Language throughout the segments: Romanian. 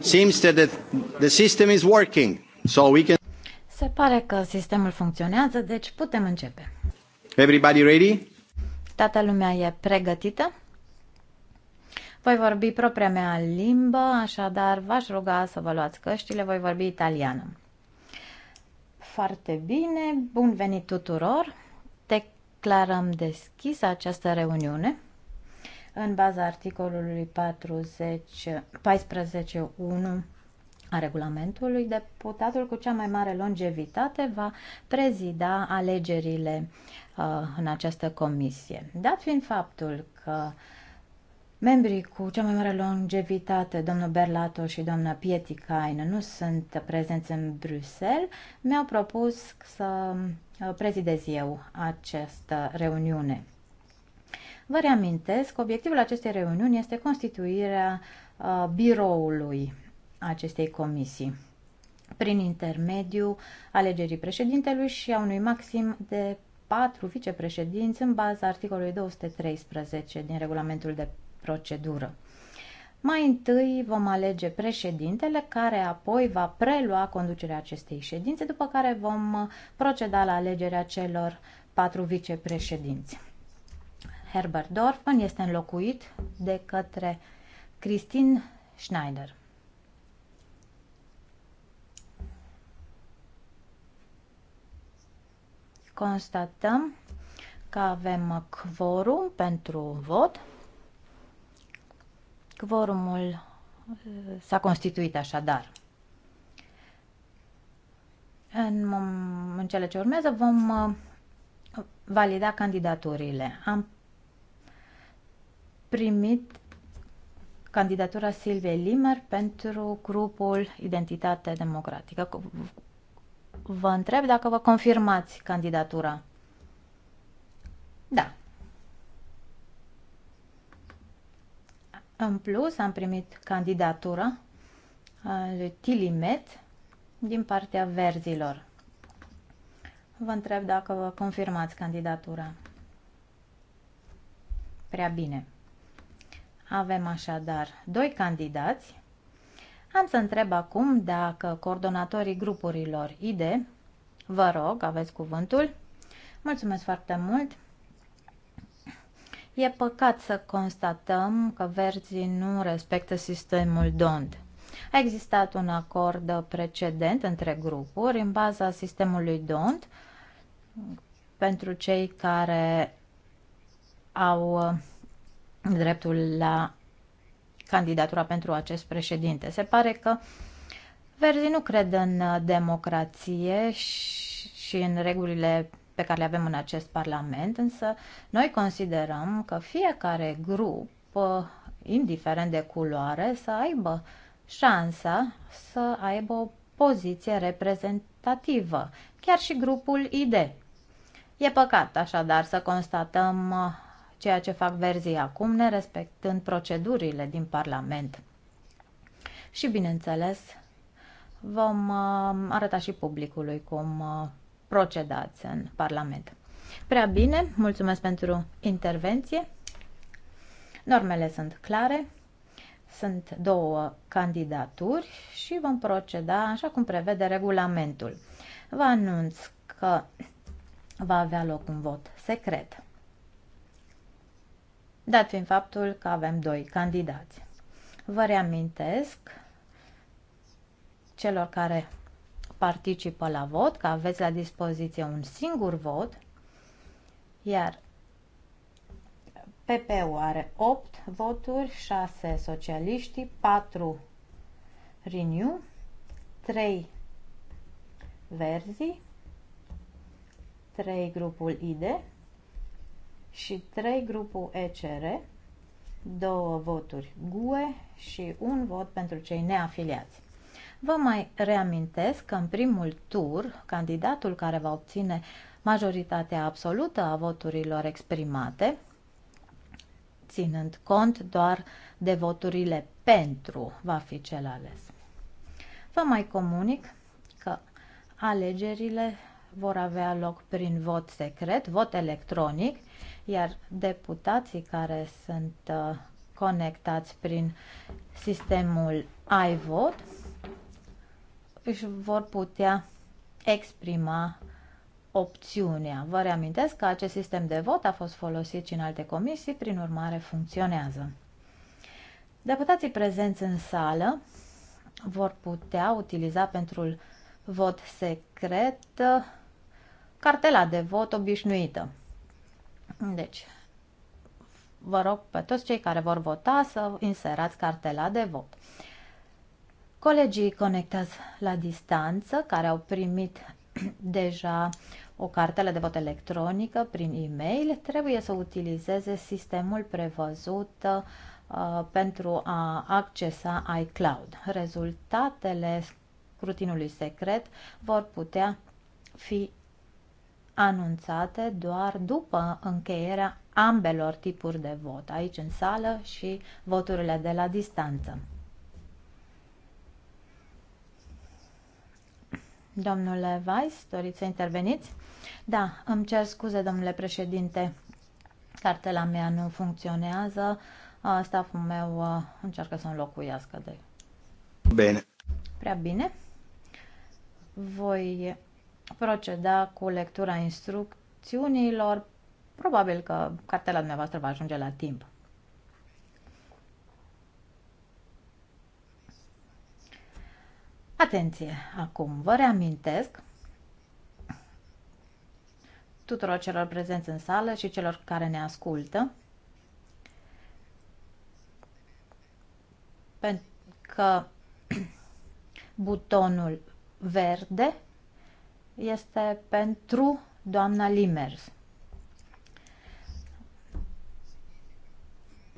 Seems that the system is working, so we can... Se pare că sistemul funcționează, deci putem începe. Everybody ready? Toată lumea e pregătită? Voi vorbi propria mea limbă, așadar v-aș ruga să vă luați căștile, voi vorbi italiană. Foarte bine, bun venit tuturor! Declarăm deschisă această reuniune în baza articolului 40, 14.1 a regulamentului, deputatul cu cea mai mare longevitate va prezida alegerile uh, în această comisie. Dat fiind faptul că membrii cu cea mai mare longevitate, domnul Berlato și doamna Pietikainen, nu sunt prezenți în Bruxelles, mi-au propus să uh, prezidez eu această reuniune. Vă reamintesc obiectivul acestei reuniuni este constituirea uh, biroului acestei comisii prin intermediul alegerii președintelui și a unui maxim de patru vicepreședinți în baza articolului 213 din regulamentul de procedură. Mai întâi vom alege președintele, care apoi va prelua conducerea acestei ședințe, după care vom proceda la alegerea celor patru vicepreședinți. Herbert Dorfman este înlocuit de către Christine Schneider. Constatăm că avem quorum pentru vot. Quorumul uh, s-a constituit așadar. În, în cele ce urmează vom uh, valida candidaturile. Am primit candidatura Silviei Limer pentru grupul Identitate Democratică. Vă întreb dacă vă confirmați candidatura. Da. În plus, am primit candidatura uh, lui Tilimet din partea verzilor. Vă întreb dacă vă confirmați candidatura. Prea bine. Avem așadar doi candidați. Am să întreb acum dacă coordonatorii grupurilor ID, vă rog, aveți cuvântul. Mulțumesc foarte mult! E păcat să constatăm că verzii nu respectă sistemul DONT. A existat un acord precedent între grupuri în baza sistemului DONT pentru cei care au dreptul la candidatura pentru acest președinte. Se pare că Verzi nu cred în uh, democrație și în regulile pe care le avem în acest parlament, însă noi considerăm că fiecare grup, uh, indiferent de culoare, să aibă șansa să aibă o poziție reprezentativă, chiar și grupul ID. E păcat așadar să constatăm uh, ceea ce fac verzii acum, nerespectând procedurile din Parlament. Și, bineînțeles, vom uh, arăta și publicului cum uh, procedați în Parlament. Prea bine, mulțumesc pentru intervenție. Normele sunt clare, sunt două candidaturi și vom proceda așa cum prevede regulamentul. Vă anunț că va avea loc un vot secret dat fiind faptul că avem doi candidați. Vă reamintesc celor care participă la vot că aveți la dispoziție un singur vot, iar PP-ul are 8 voturi, 6 socialiștii, 4 Renew, 3 Verzi, 3 grupul IDE, și 3 grupul ECR, două voturi GUE și un vot pentru cei neafiliați. Vă mai reamintesc că în primul tur, candidatul care va obține majoritatea absolută a voturilor exprimate, ținând cont doar de voturile pentru, va fi cel ales. Vă mai comunic că alegerile vor avea loc prin vot secret, vot electronic iar deputații care sunt uh, conectați prin sistemul iVote își vor putea exprima opțiunea. Vă reamintesc că acest sistem de vot a fost folosit și în alte comisii, prin urmare funcționează. Deputații prezenți în sală vor putea utiliza pentru vot secret uh, cartela de vot obișnuită. Deci, vă rog pe toți cei care vor vota să inserați cartela de vot. Colegii conectați la distanță, care au primit deja o cartelă de vot electronică prin e-mail, trebuie să utilizeze sistemul prevăzut uh, pentru a accesa iCloud. Rezultatele scrutinului secret vor putea fi anunțate doar după încheierea ambelor tipuri de vot, aici în sală și voturile de la distanță. Domnule Weiss, doriți să interveniți? Da, îmi cer scuze, domnule președinte, cartela mea nu funcționează, staful meu încearcă să înlocuiască de... Bine. Prea bine. Voi proceda cu lectura instrucțiunilor. Probabil că cartela dumneavoastră va ajunge la timp. Atenție! Acum vă reamintesc tuturor celor prezenți în sală și celor care ne ascultă că butonul verde este pentru doamna Limers.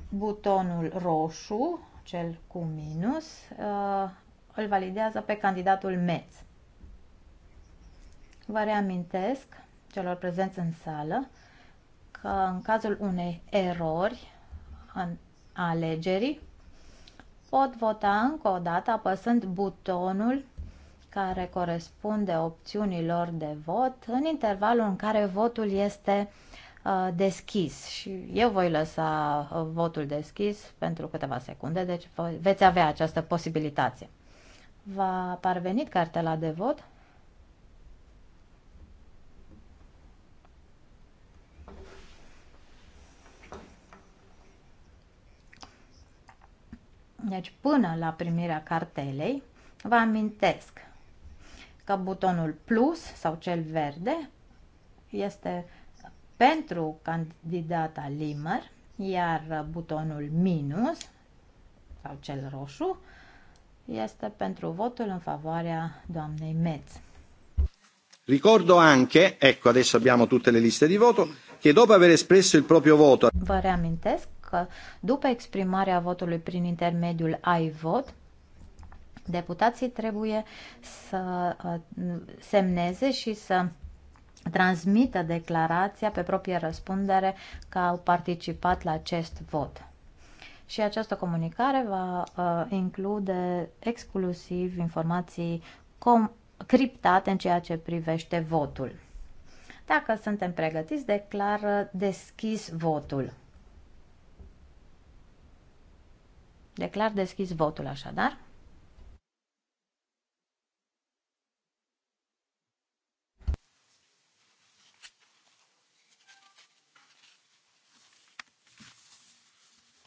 Butonul roșu, cel cu minus, uh, îl validează pe candidatul Metz. Vă reamintesc celor prezenți în sală că în cazul unei erori în alegerii pot vota încă o dată apăsând butonul care corespunde opțiunilor de vot în intervalul în care votul este uh, deschis și eu voi lăsa uh, votul deschis pentru câteva secunde, deci veți avea această posibilitate. V-a parvenit cartela de vot? Deci până la primirea cartelei, vă amintesc că butonul plus sau cel verde este pentru candidata Limer, iar butonul minus sau cel roșu este pentru votul în favoarea doamnei Metz. Ricordo anche, ecco adesso abbiamo tutte le liste di voto, che dopo aver espresso il proprio voto... Vă reamintesc că după exprimarea votului prin intermediul iVote, Deputații trebuie să uh, semneze și să transmită declarația pe proprie răspundere că au participat la acest vot. Și această comunicare va uh, include exclusiv informații criptate în ceea ce privește votul. Dacă suntem pregătiți, declar deschis votul. Declar deschis votul așadar.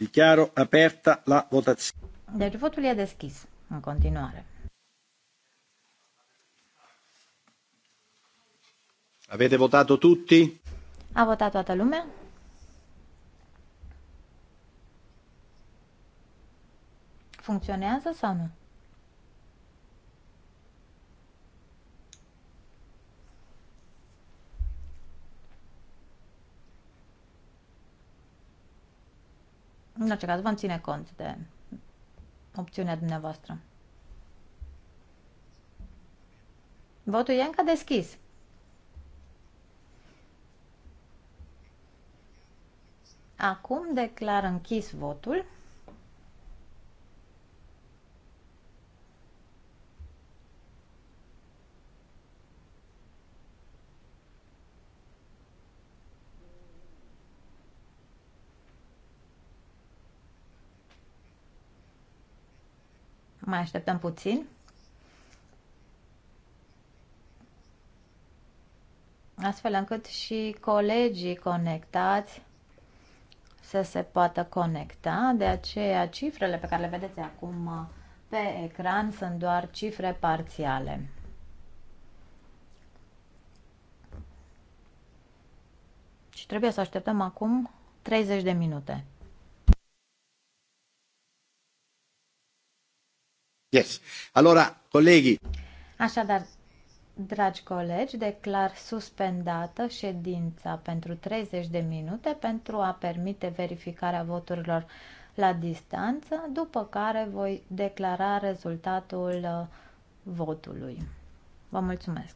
Dichiaro aperta la votazione. Deci votul e deschis în continuare. Avete votato tutti? A votat toată lumea? Funcționează sau nu? În orice caz, vom ține cont de opțiunea dumneavoastră. Votul e încă deschis. Acum declar închis votul. mai așteptăm puțin. Astfel încât și colegii conectați să se poată conecta. De aceea, cifrele pe care le vedeți acum uh, pe ecran sunt doar cifre parțiale. Și trebuie să așteptăm acum 30 de minute. Yes. Allora, colleghi. Așadar, dragi colegi, declar suspendată ședința pentru 30 de minute pentru a permite verificarea voturilor la distanță, după care voi declara rezultatul uh, votului. Vă mulțumesc!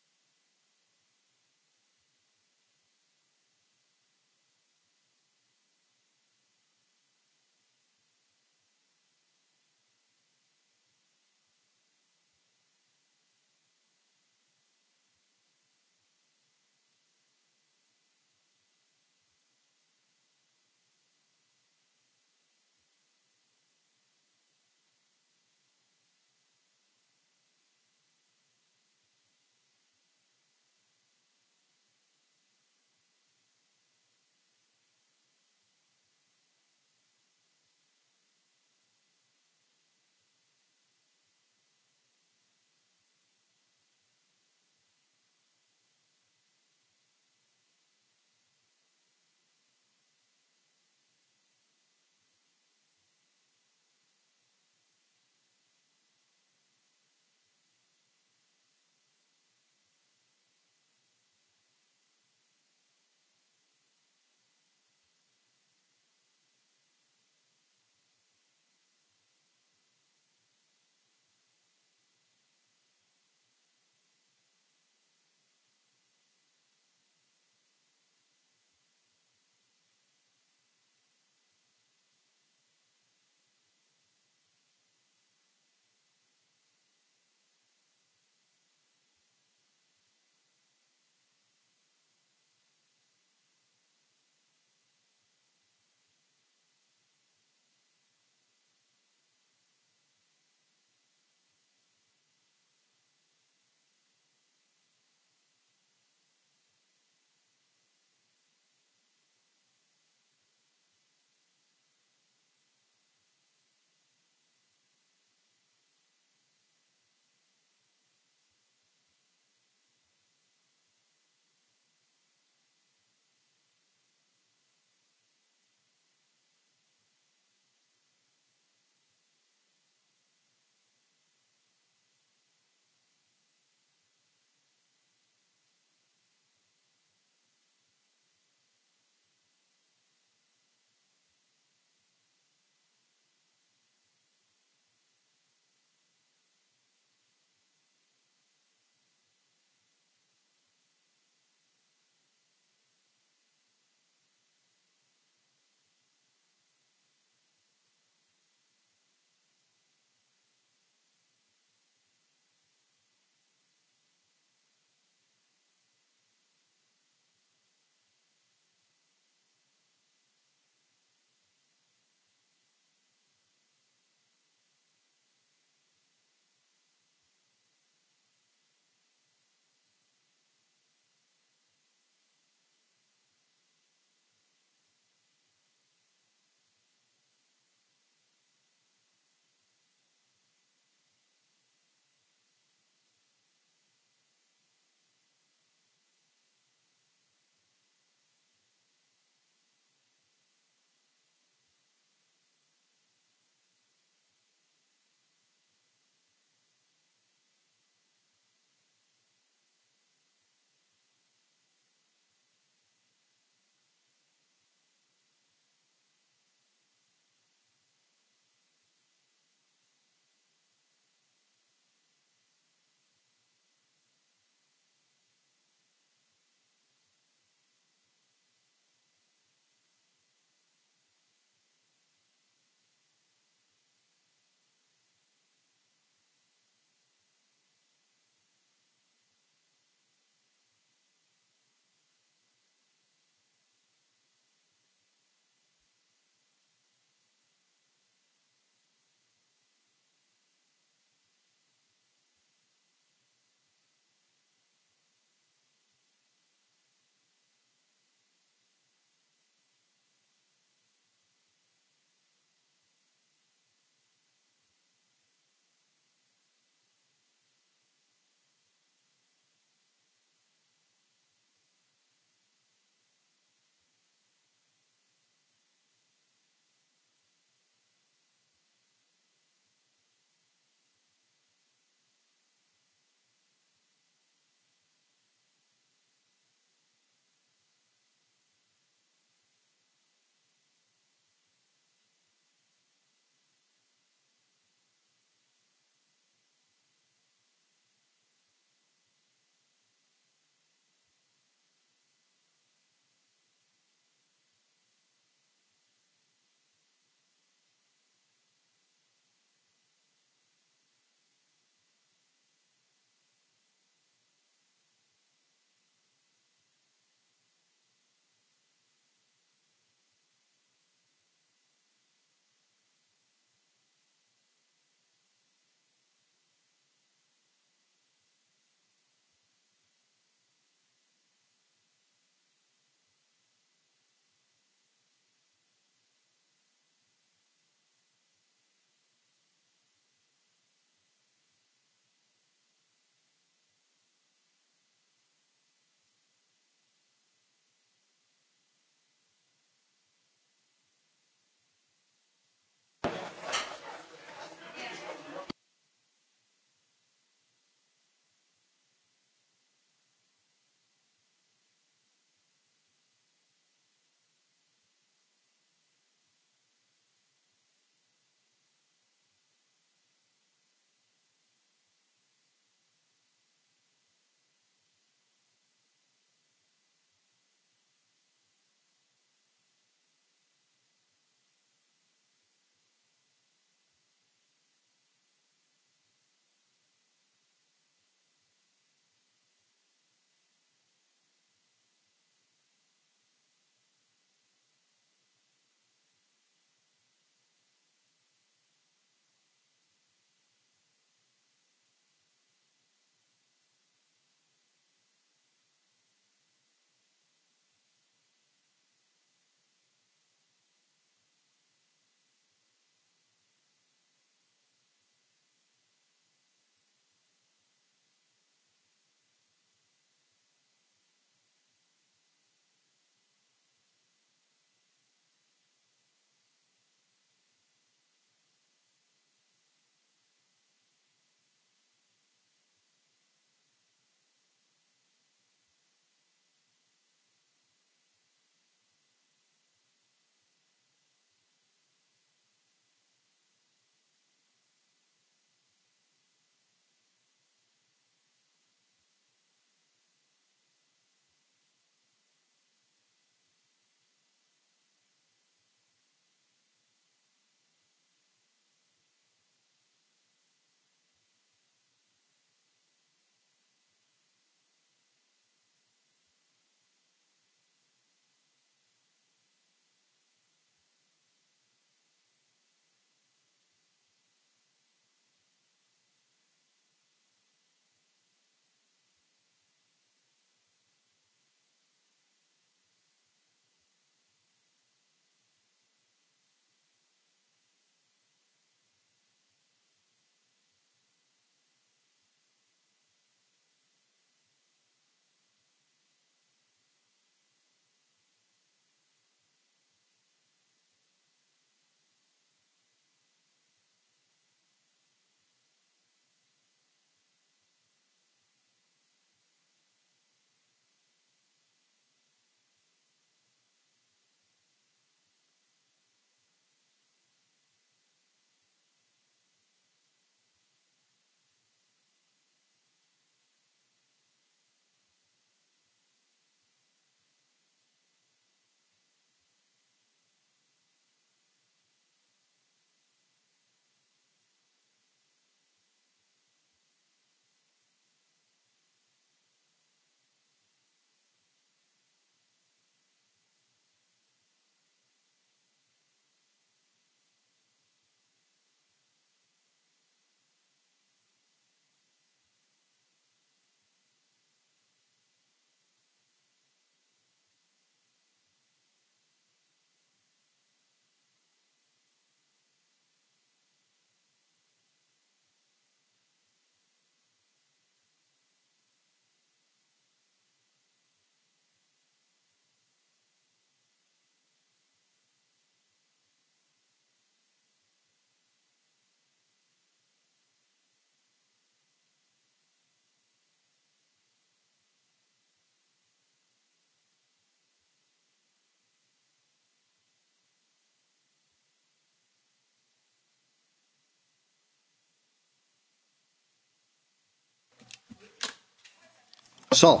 So,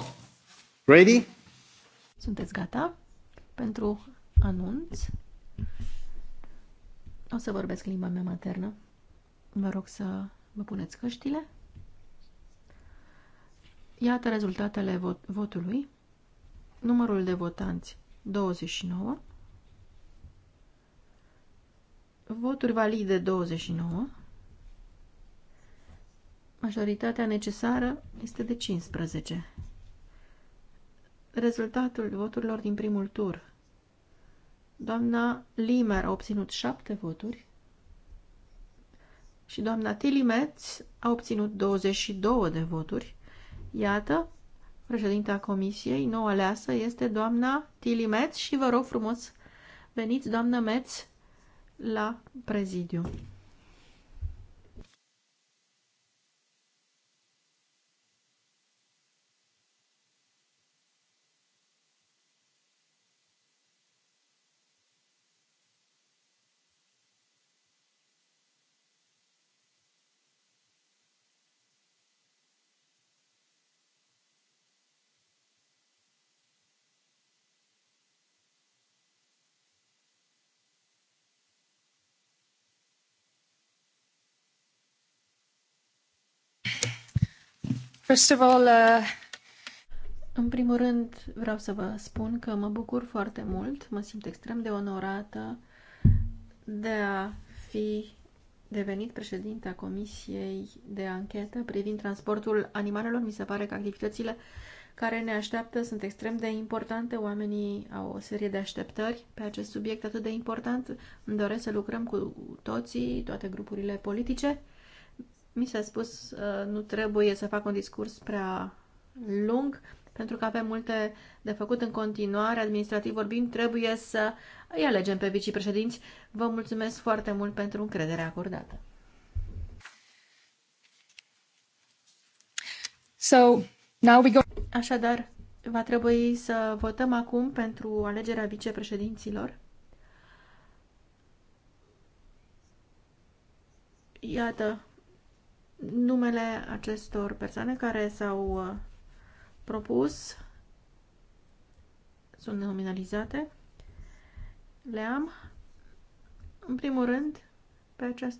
ready? Sunteți gata pentru anunț? O să vorbesc limba mea maternă. Vă rog să vă puneți căștile. Iată rezultatele vot votului. Numărul de votanți 29. Voturi valide 29. Majoritatea necesară este de 15. Rezultatul voturilor din primul tur. Doamna Limer a obținut 7 voturi și doamna Tilimeț a obținut 22 de voturi. Iată, președinta comisiei nou aleasă este doamna Tilimeț și vă rog frumos, veniți doamna Meț la prezidiu. First of all, uh, În primul rând, vreau să vă spun că mă bucur foarte mult, mă simt extrem de onorată de a fi devenit președinta Comisiei de Anchetă privind transportul animalelor. Mi se pare că activitățile care ne așteaptă sunt extrem de importante. Oamenii au o serie de așteptări pe acest subiect atât de important. Îmi doresc să lucrăm cu toții, toate grupurile politice mi s-a spus uh, nu trebuie să fac un discurs prea lung, pentru că avem multe de făcut în continuare, administrativ vorbind, trebuie să îi alegem pe vicepreședinți. Vă mulțumesc foarte mult pentru încrederea acordată. So, now we go... Așadar, va trebui să votăm acum pentru alegerea vicepreședinților. Iată, numele acestor persoane care s-au uh, propus sunt nominalizate. Le am, în primul rând, pe acest...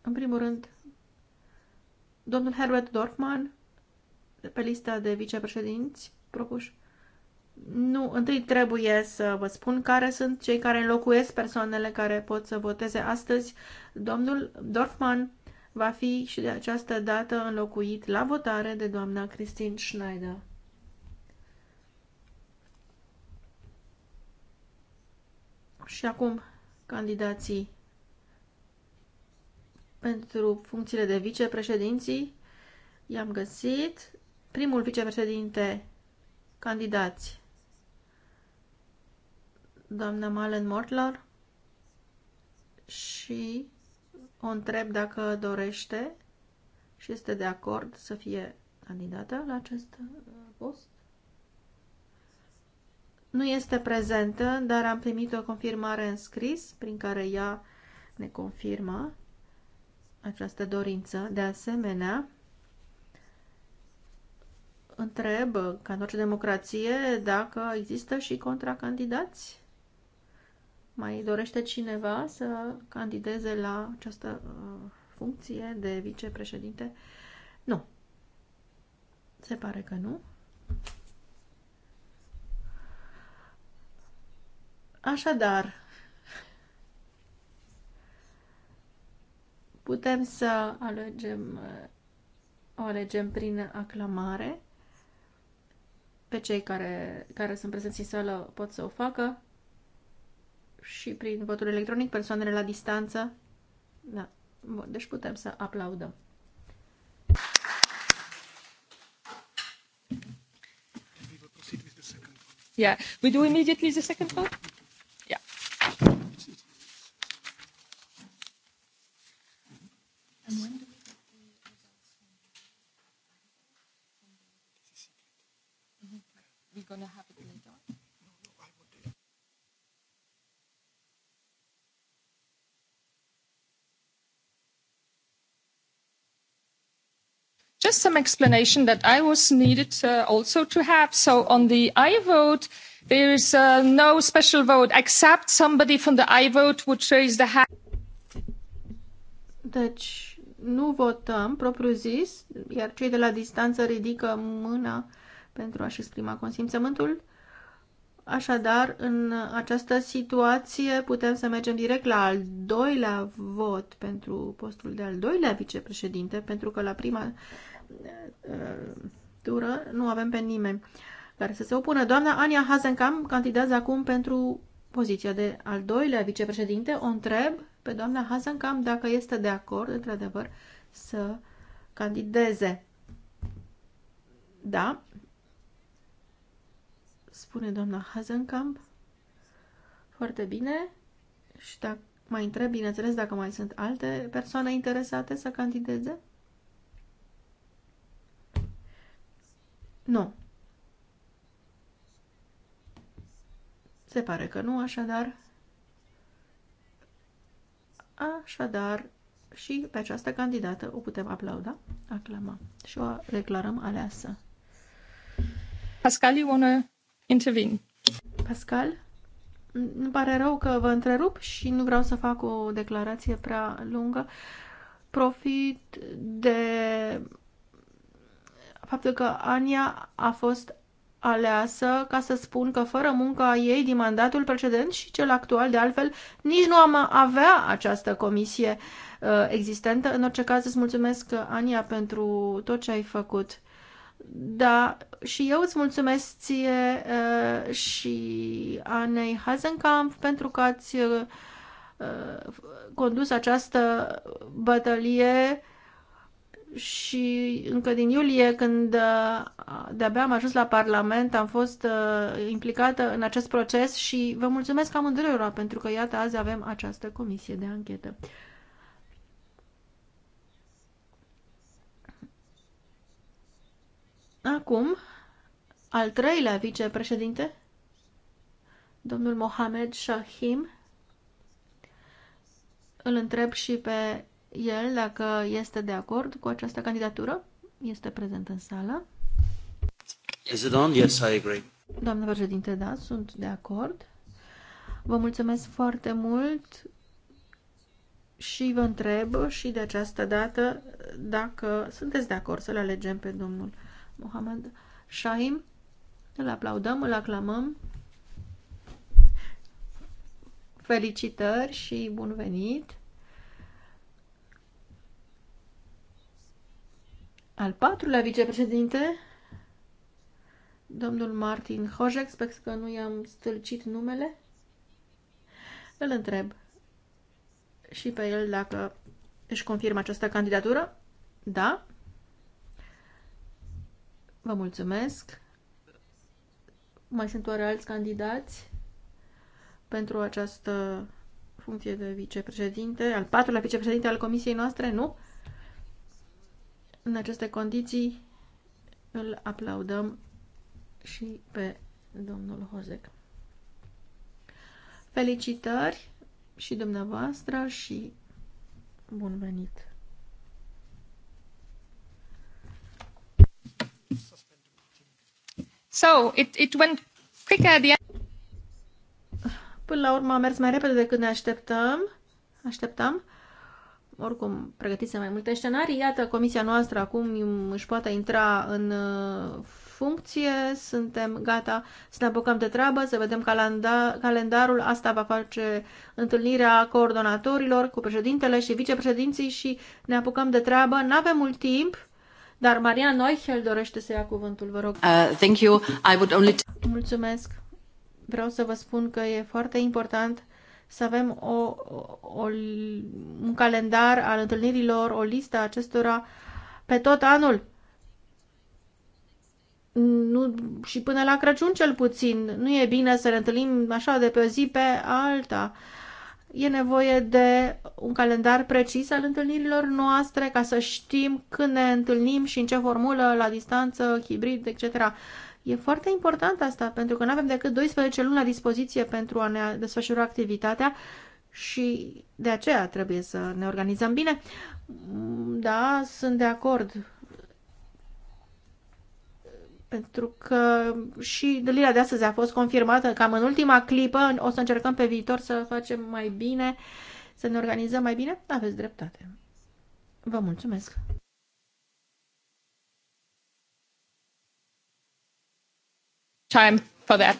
În primul rând, domnul Herbert Dorfman, pe lista de vicepreședinți propuși. Nu, întâi trebuie să vă spun care sunt cei care înlocuiesc persoanele care pot să voteze astăzi. Domnul Dorfman va fi și de această dată înlocuit la votare de doamna Christine Schneider. Și acum candidații pentru funcțiile de vicepreședinții i-am găsit. Primul vicepreședinte candidați doamna Malen Mortler, și o întreb dacă dorește și este de acord să fie candidată la acest uh, post. Nu este prezentă, dar am primit o confirmare în scris prin care ea ne confirmă această dorință. De asemenea, întreb, ca în orice democrație, dacă există și contracandidați mai dorește cineva să candideze la această uh, funcție de vicepreședinte? Nu. Se pare că nu. Așadar, putem să alegem, uh, o alegem prin aclamare. Pe cei care, care sunt prezenți în sală pot să o facă și prin votul electronic persoanele la distanță. Da. Bun, deci putem să aplaudăm. Yeah, we do immediately the second vote. just some explanation that I was needed uh, also to have. So on the I vote, there is uh, no special vote except somebody from the I vote would raise the hand. Deci nu votăm propriu zis, iar cei de la distanță ridică mâna pentru a-și exprima consimțământul. Așadar, în această situație putem să mergem direct la al doilea vot pentru postul de al doilea vicepreședinte, pentru că la prima Uh, tură nu avem pe nimeni care să se opună. Doamna Ania Hazenkam candidează acum pentru poziția de al doilea vicepreședinte. O întreb pe doamna Hazenkam dacă este de acord, într-adevăr, să candideze. Da? Spune doamna Hazenkamp. Foarte bine. Și dacă mai întreb, bineînțeles, dacă mai sunt alte persoane interesate să candideze. Nu. Se pare că nu, așadar... Așadar, și pe această candidată o putem aplauda, aclama și o declarăm aleasă. Pascal, you to intervene? Pascal? Îmi pare rău că vă întrerup și nu vreau să fac o declarație prea lungă. Profit de faptul că Ania a fost aleasă ca să spun că fără munca ei din mandatul precedent și cel actual, de altfel, nici nu am avea această comisie uh, existentă. În orice caz, îți mulțumesc, Ania, pentru tot ce ai făcut. Da, și eu îți mulțumesc ție uh, și Anei Hazenkamp pentru că ați uh, condus această bătălie și încă din iulie, când uh, de-abia am ajuns la Parlament, am fost uh, implicată în acest proces și vă mulțumesc amândurora pentru că, iată, azi avem această comisie de anchetă. Acum, al treilea vicepreședinte, domnul Mohamed Shahim, îl întreb și pe el dacă este de acord cu această candidatură. Este prezent în sală. Is it on? Yes, I agree. Doamnă președinte, da, sunt de acord. Vă mulțumesc foarte mult și vă întreb și de această dată dacă sunteți de acord să-l alegem pe domnul Mohamed Shahim. Îl aplaudăm, îl aclamăm. Felicitări și bun venit! Al patrulea vicepreședinte, domnul Martin Hojek, sper că nu i-am stâlcit numele, îl întreb și pe el dacă își confirmă această candidatură. Da? Vă mulțumesc. Mai sunt oare alți candidați pentru această funcție de vicepreședinte, al patrulea vicepreședinte al comisiei noastre? Nu? În aceste condiții îl aplaudăm și pe domnul Hozec. Felicitări și dumneavoastră și bun venit! So, it, it went quicker the Până la urmă a mers mai repede decât ne așteptăm. Așteptam oricum pregătiți mai multe scenarii. Iată, comisia noastră acum își poate intra în uh, funcție, suntem gata să ne apucăm de treabă, să vedem calenda calendarul. Asta va face întâlnirea coordonatorilor cu președintele și vicepreședinții și ne apucăm de treabă. Nu avem mult timp, dar Maria Noichel dorește să ia cuvântul, vă rog. Uh, thank you. I would only... Mulțumesc. Vreau să vă spun că e foarte important să avem o, o, un calendar al întâlnirilor, o listă acestora pe tot anul. Nu, și până la Crăciun cel puțin. Nu e bine să ne întâlnim așa de pe o zi pe alta. E nevoie de un calendar precis al întâlnirilor noastre ca să știm când ne întâlnim și în ce formulă, la distanță, hibrid, etc. E foarte important asta, pentru că nu avem decât 12 luni la dispoziție pentru a ne desfășura activitatea și de aceea trebuie să ne organizăm bine. Mm, da, sunt de acord. Pentru că și delirea de astăzi a fost confirmată cam în ultima clipă. O să încercăm pe viitor să facem mai bine, să ne organizăm mai bine. Aveți dreptate. Vă mulțumesc! time for that.